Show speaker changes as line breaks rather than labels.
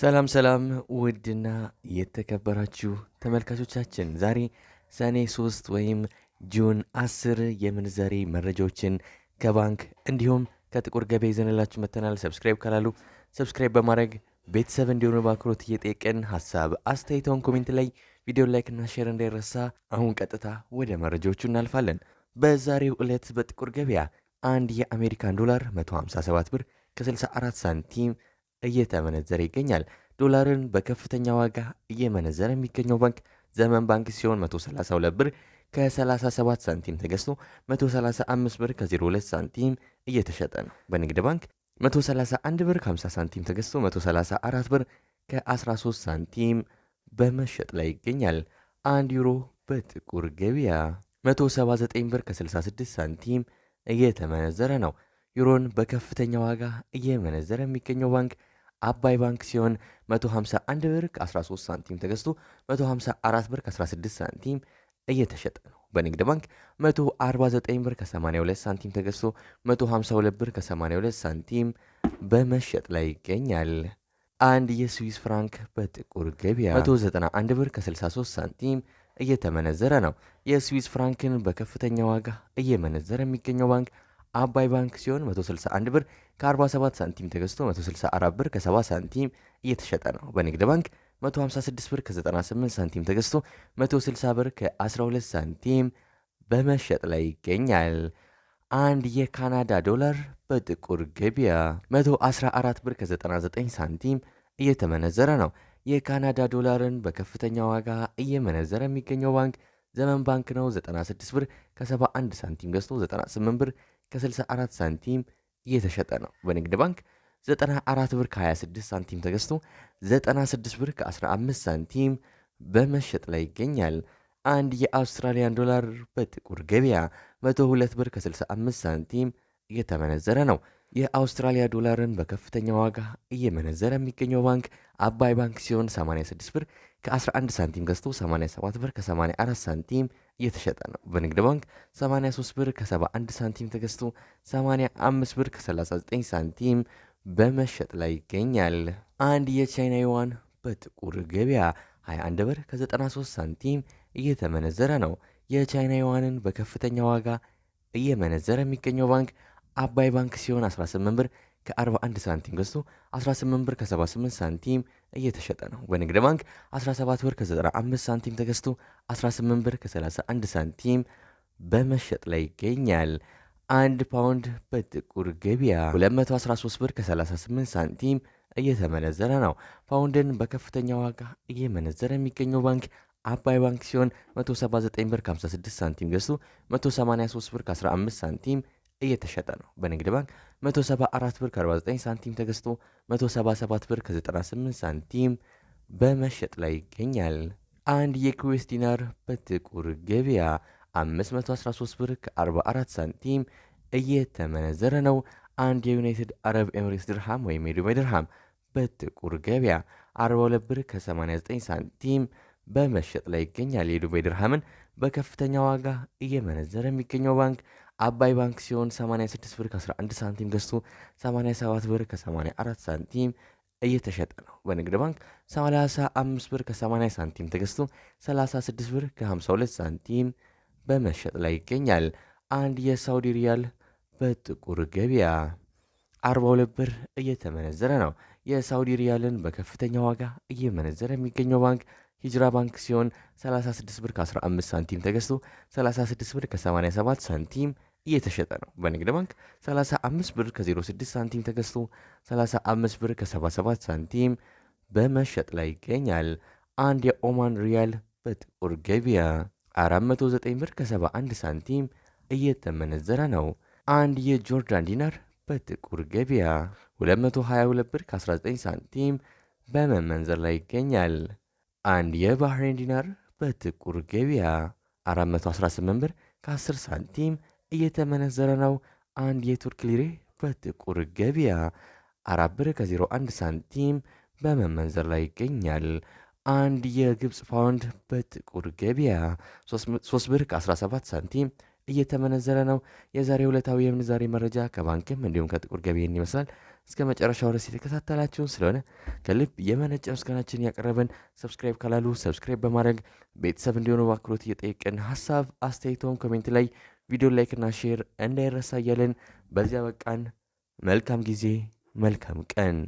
ሰላም ሰላም ውድና የተከበራችሁ ተመልካቾቻችን ዛሬ ሰኔ 3 ወይም ጁን 10 የምንዛሬ መረጃዎችን ከባንክ እንዲሁም ከጥቁር ገበያ ይዘንላችሁ መተናል። ሰብስክራይብ ካላሉ ሰብስክራይብ በማድረግ ቤተሰብ እንዲሆኑ በአክብሮት እየጠየቅን ሀሳብ አስተያየተውን ኮሜንት ላይ፣ ቪዲዮ ላይክና ሼር እንዳይረሳ። አሁን ቀጥታ ወደ መረጃዎቹ እናልፋለን። በዛሬው ዕለት በጥቁር ገበያ አንድ የአሜሪካን ዶላር 157 ብር ከ64 ሳንቲም እየተመነዘረ ይገኛል። ዶላርን በከፍተኛ ዋጋ እየመነዘረ የሚገኘው ባንክ ዘመን ባንክ ሲሆን 132 ብር ከ37 ሳንቲም ተገዝቶ 135 ብር ከ02 ሳንቲም እየተሸጠ ነው። በንግድ ባንክ 131 ብር ከ50 ሳንቲም ተገዝቶ 134 ብር ከ13 ሳንቲም በመሸጥ ላይ ይገኛል። አንድ ዩሮ በጥቁር ገበያ 179 ብር ከ66 ሳንቲም እየተመነዘረ ነው። ዩሮን በከፍተኛ ዋጋ እየመነዘረ የሚገኘው ባንክ አባይ ባንክ ሲሆን 151 ብር ከ13 ሳንቲም ተገዝቶ 154 ብር ከ16 ሳንቲም እየተሸጠ ነው። በንግድ ባንክ 149 ብር ከ82 ሳንቲም ተገዝቶ 152 ብር ከ82 ሳንቲም በመሸጥ ላይ ይገኛል። አንድ የስዊስ ፍራንክ በጥቁር ገበያ 191 ብር ከ63 ሳንቲም እየተመነዘረ ነው። የስዊስ ፍራንክን በከፍተኛ ዋጋ እየመነዘረ የሚገኘው ባንክ አባይ ባንክ ሲሆን 161 ብር ከ47 ሳንቲም ተገዝቶ 164 ብር ከ7 ሳንቲም እየተሸጠ ነው። በንግድ ባንክ 156 ብር ከ98 ሳንቲም ተገዝቶ 160 ብር ከ12 ሳንቲም በመሸጥ ላይ ይገኛል። አንድ የካናዳ ዶላር በጥቁር ገበያ 114 ብር ከ99 ሳንቲም እየተመነዘረ ነው። የካናዳ ዶላርን በከፍተኛ ዋጋ እየመነዘረ የሚገኘው ባንክ ዘመን ባንክ ነው። 96 ብር ከ71 ሳንቲም ገዝቶ 98 ብር ከ64 ሳንቲም እየተሸጠ ነው። በንግድ ባንክ 94 ብር ከ26 ሳንቲም ተገዝቶ 96 ብር ከ15 ሳንቲም በመሸጥ ላይ ይገኛል። አንድ የአውስትራሊያን ዶላር በጥቁር ገበያ 102 ብር ከ65 ሳንቲም እየተመነዘረ ነው። የአውስትራሊያ ዶላርን በከፍተኛ ዋጋ እየመነዘረ የሚገኘው ባንክ አባይ ባንክ ሲሆን 86 ብር ከ11 ሳንቲም ገዝቶ 87 ብር ከ84 ሳንቲም እየተሸጠ ነው። በንግድ ባንክ 83 ብር ከ71 ሳንቲም ተገዝቶ 85 ብር ከ39 ሳንቲም በመሸጥ ላይ ይገኛል። አንድ የቻይና ዩዋን በጥቁር ገበያ 21 ብር ከ93 ሳንቲም እየተመነዘረ ነው። የቻይና ዩዋንን በከፍተኛ ዋጋ እየመነዘረ የሚገኘው ባንክ አባይ ባንክ ሲሆን 18 ብር ከ41 ሳንቲም ገዝቶ 18 ብር ከ78 ሳንቲም እየተሸጠ ነው። በንግድ ባንክ 17 ብር ከ95 ሳንቲም ተገዝቶ 18 ብር ከ31 ሳንቲም በመሸጥ ላይ ይገኛል። አንድ ፓውንድ በጥቁር ገበያ 213 ብር ከ38 ሳንቲም እየተመነዘረ ነው። ፓውንድን በከፍተኛ ዋጋ እየመነዘረ የሚገኘው ባንክ አባይ ባንክ ሲሆን 179 ብር 56 ሳንቲም ገዝቶ 183 ብር ከ15 ሳንቲም እየተሸጠ ነው። በንግድ ባንክ 174 ብር ከ49 ሳንቲም ተገዝቶ 177 ብር ከ98 ሳንቲም በመሸጥ ላይ ይገኛል። አንድ የኩዌስ ዲናር በጥቁር ገበያ 513 ብር ከ44 ሳንቲም እየተመነዘረ ነው። አንድ የዩናይትድ አረብ ኤምሬትስ ድርሃም ወይም የዱባይ ድርሃም በጥቁር ገበያ 42 ብር ከ89 ሳንቲም በመሸጥ ላይ ይገኛል። የዱባይ ድርሃምን በከፍተኛ ዋጋ እየመነዘረ የሚገኘው ባንክ አባይ ባንክ ሲሆን 86 ብር ከ11 ሳንቲም ገዝቶ 87 ብር ከ84 ሳንቲም እየተሸጠ ነው። በንግድ ባንክ 35 ብር ከ80 ሳንቲም ተገዝቶ 36 ብር ከ52 ሳንቲም በመሸጥ ላይ ይገኛል። አንድ የሳውዲ ሪያል በጥቁር ገበያ 42 ብር እየተመነዘረ ነው። የሳውዲ ሪያልን በከፍተኛ ዋጋ እየመነዘረ የሚገኘው ባንክ ሂጅራ ባንክ ሲሆን 36 ብር ከ15 ሳንቲም ተገዝቶ 36 ብር ከ87 ሳንቲም እየተሸጠ ነው። በንግድ ባንክ 35 ብር ከ06 ሳንቲም ተገዝቶ 35 ብር ከ77 ሳንቲም በመሸጥ ላይ ይገኛል። አንድ የኦማን ሪያል በጥቁር ገቢያ 409 ብር ከ71 ሳንቲም እየተመነዘረ ነው። አንድ የጆርዳን ዲናር በጥቁር ገበያ 222 ብር ከ19 ሳንቲም በመመንዘር ላይ ይገኛል። አንድ የባህሬን ዲናር በጥቁር ገበያ 418 ብር ከ10 ሳንቲም እየተመነዘረ ነው። አንድ የቱርክ ሊሬ በጥቁር ገበያ 4 ብር ከ01 ሳንቲም በመመንዘር ላይ ይገኛል። አንድ የግብፅ ፓውንድ በጥቁር ገበያ 3 ብር ከ17 ሳንቲም እየተመነዘረ ነው። የዛሬ ዕለታዊ የምንዛሬ መረጃ ከባንክም እንዲሁም ከጥቁር ገቢን ይመስላል። እስከ መጨረሻው ድረስ የተከታተላችሁን ስለሆነ ከልብ የመነጨ ምስጋናችን ያቀረብን። ሰብስክራይብ ካላሉ ሰብስክራይብ በማድረግ ቤተሰብ እንዲሆኑ በአክብሮት እየጠየቅን ሀሳብ አስተያየቶም ኮሜንት ላይ ቪዲዮ ላይክና ሼር እንዳይረሳ እያልን በዚያ በቃን። መልካም ጊዜ፣ መልካም ቀን